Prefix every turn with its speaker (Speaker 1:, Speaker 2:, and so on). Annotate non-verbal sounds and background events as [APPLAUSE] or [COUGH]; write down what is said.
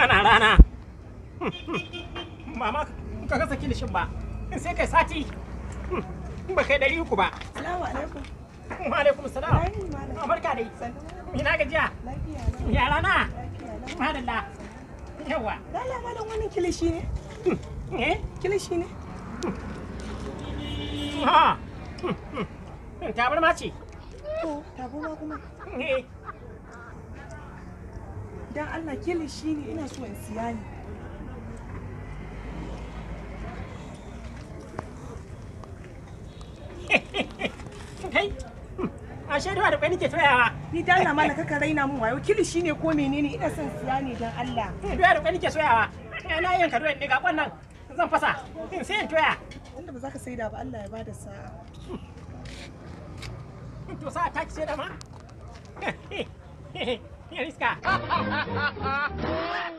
Speaker 1: ana rana mama ka kasa kilishin ba sai kai sati ba kai ɗari uku ba salamu alaikum wa alaikum salam barka dai ina gajiya ya rana madalla
Speaker 2: yawa lala malam wannan kilishi ne eh kilishi ne
Speaker 1: ha ma ce
Speaker 3: to tabarma kuma eh dan Allah shi ne ina so in siya ne
Speaker 1: [LAUGHS] hmm, a shaidu da kwai nake
Speaker 4: tsayawa ni dan Allah mana kaka raina mun wayo shi ne ko menene ina son siya ne dan Allah hmm, doya da
Speaker 1: kwai nake tsayawa ina eh, yin ka doya ne ga kwannan zan fasa in hmm, sai in toya
Speaker 5: inda ba za ka saida ba Allah ya bada sa'a to sa ta ci da ma やハハ
Speaker 6: ハ。